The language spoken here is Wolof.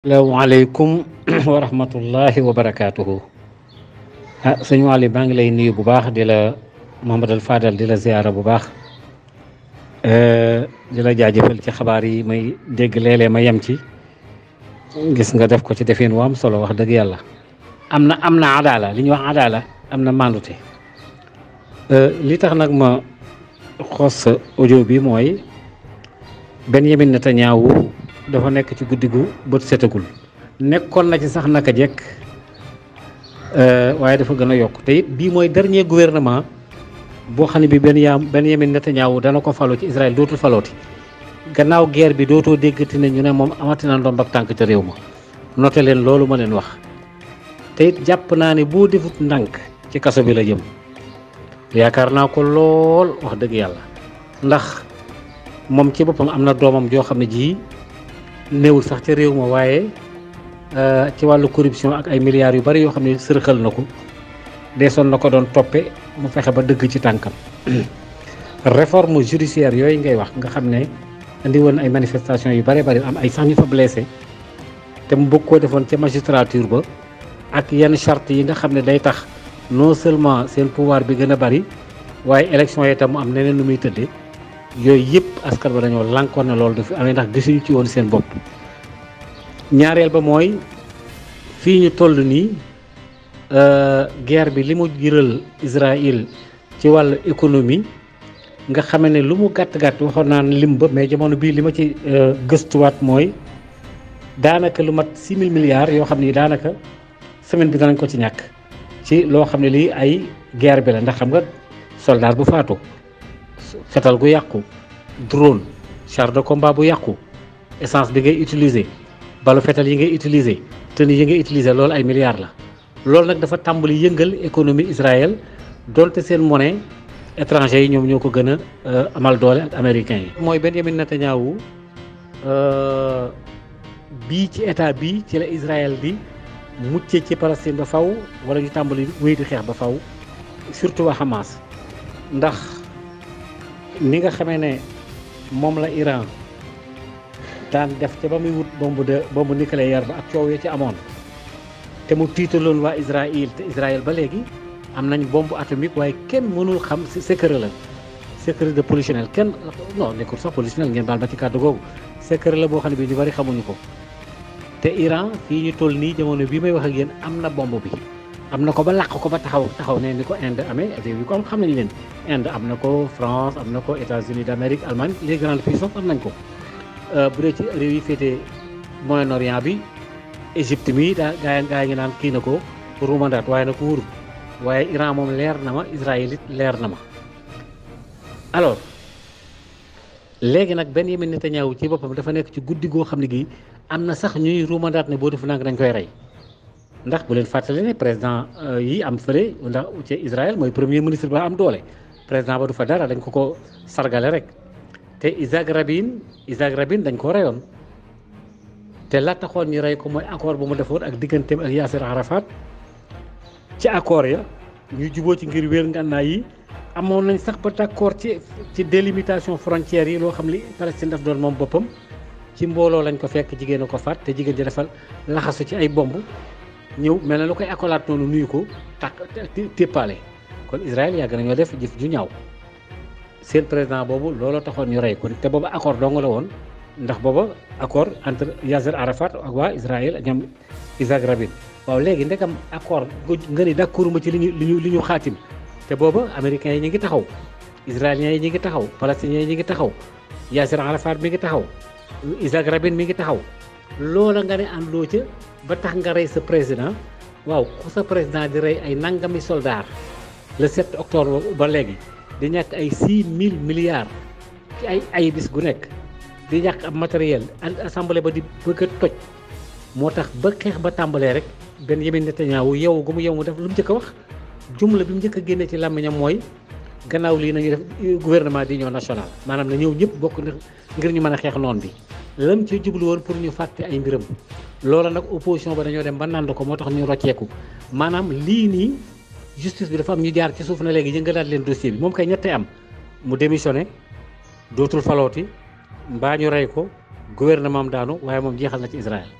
salaamaaleykum wa rahmatullahi wa barakaatuhu ah sëñ Waly baa ngi lay nuyu bu baax di la Mamadou Fadal di la ziyaara bu baax eh, di la jaajëfal ci xabaar yi may dégg léeg ma yem ci gis nga def ko ci defin wu am solo wax dëgg yàlla am na am na adaala li ñuy wax adala am na mandute eh, li tax nag ma xos audio bi mooy Benyamin Netanyahu dafa nekk ci guddi gu bët setagul nekkoon na ci sax naka jekk eh, waaye dafa gën a yokk te it bii mooy dernier gouvernement boo xam ne bi benn yaam benn Benyamin Netanyahu dana ko faloo ci Israël dootul falooti gannaaw geer bi dootoo déggati ne ñu ne moom amati na ndomb ak tànk ca réew ma note leen loolu ma leen wax te it jàpp naa ne boo defut ndànk ci kaso bi la jëm yaakaar naa ko lool wax dëgg yàlla ndax moom ci boppam am na doomam joo xam ne ji néewul sax ca réew ma waaye euh, ci wàllu corruption ak ay milliards yu bari yoo xam ne sërxal na ko deesoon na ko doon toppe mu fexe ba dëgg ci tànkam réforme judiciaire yooyu ngay wax nga xam ne indi woon ay manifestation yu bare bari am ay sax ñu fa blessé te mu bëgg koo defoon ca magistrature ba ak yenn charte yi nga xam ne day tax non seulement seen pouvoir bi gën a bari waaye élection yi tam mu am neneen lu muy tëddee yooyu yëpp askan ba dañoo lankoon ne loolu dafa amee ndax gisuñu ci woon seen bopp ñaareel ba mooy fii ñu toll nii euh, guerre bi li mu jëral Israël ci wàllu économie nga xame ne lu mu gàtt-gàtt waxoon naa lim ba mais jamono bii li ma ci euh, gëstuwaat mooy daanaka lu mat 6 000 milliards yoo xam ni daanaka semaine bi danañ ko ci ñàkk ci loo xam ne lii ay guerre bi la ndax xam nga soldat bu faatu fetal gu yàqu drone char de combat bu yàqu essence bi ngay utiliser balu fetal yi ngay utiliser tenue yi ngay utiliser lool ay milliards la loolu nag dafa tàmbali yëngal économie Israël donte seen monnaie étranger yi ñoom ñoo ko gën a euh, amal doole ak américain yi. mooy Benjamin Netanyahu euh, bii ci état bi ci la Israël di mucce ci Palestine ba faw wala ñu tàmbali wéy di xeex ba faw surtout waa Hamas ndax. ni nga xamee ne moom la Iran daan def ca ba muy wut bombu de bombu nucléaire ba ak coow ya ci amoon te mu tiitaloon waa Israël te Israël ba léegi am nañ bombu atomique waaye kenn mënul xam si secret la secret de polichinelle kenn non nekkul sax polichinelle ngeen daal ba ci kàddu googu secret la boo xam ne bi ñu bari xamuñu ko te Iran fii ñu toll nii jamono bii may wax ak yéen am na bomb bi am na ko ba làq ko ba taxaw taxaw ne ni ko Inde amee réew yi ko am xam nañ leen Inde am na ko France am na ko États-Unis d'Amérique Allemagne les grandes puissances am nañ ko euh, bu dee ci réew yi féetee Moyen-Orient bi Égypte mi daa gaa gaa ngi naan kii na ko ruumandaat waaye na ko wóorul waaye Iran moom leer na ma Israël it leer na ma alors léegi nag Benyamin Netanyahu ci boppam dafa nekk ci guddi goo xam ne gii am na sax ñuy ruumandaat ne boo def nang dañ koy rey ndax bu leen fàttali ne président euh, yi am fële ndax ci Israël mooy premier ministre ba am doole président ba du fa dara dañ ko ko sargale rek te Isaac Rabin Isaac Rabin dañ ko reyoon te la taxoon ñu rey ko mooy accord bu mu defoon ak digganteem ak Yasser Arafat ci accord ya ñu juboo ci ngir wéer ngànnaay yi amoon nañ sax ba d'accord ci ci délimitation frontière yi loo xam li Palestine daf doon moom boppam ci mbooloo lañ ko fekk jigéen a ko faat te jigéen ji dafa laxasu ci ay bomb ñëw mel na lu koy akolaat noonu nuyu ko takk téppaale kon Israël yàgg ñoo def jëf ju ñaaw seen président boobu looloo taxoon ñu rey ko te booba accord dong la woon ndax booba accord entre Yasser Arafat ak waa Israël ak ñoom Isaac Rabin waaw léegi ndekam accord nga ni d'accord ma ci li ñu li ñu li ñu xaatim te booba américains yi ñu ngi taxaw israéliens yi ñu ngi taxaw palestiniens yi ñu ngi taxaw Yasser Arafat mi ngi taxaw Isaac Rabin mi ngi taxaw loola nga ne àndoo ca ba tax nga rey sa président waaw ku sa président di rey ay nangami soldaar le 7 octobre ba léegi di ñàkk ay 6 mille milliards ci ay ay bis gu nekk di yàq ab matériel assemblée ba di bëgg a toj moo tax ba xeex ba tàmbalee rek Benjamin Netanyahu yow gu mu yow mu def lu mu njëkk a wax jumla bi mu njëkk a génnee ci làmmiñam mooy gannaaw lii nañu def gouvernement d'union nationale maanaam na ñëw ñëpp bokk ngir ñu mën xeex noon bi lam ci jublu woon pour ñu fàtte ay mbiram loola nag opposition ba dañoo dem ba nànd ko moo tax ñu rocceeku maanaam lii nii justice bi dafa am ñu jaar ci suuf na léegi yëngalaat leen dossier bi moom kay ñettee am mu démissionné dootul falooti mbaa ñu rey ko gouvernement am daanu waaye moom jeexal na ci Israël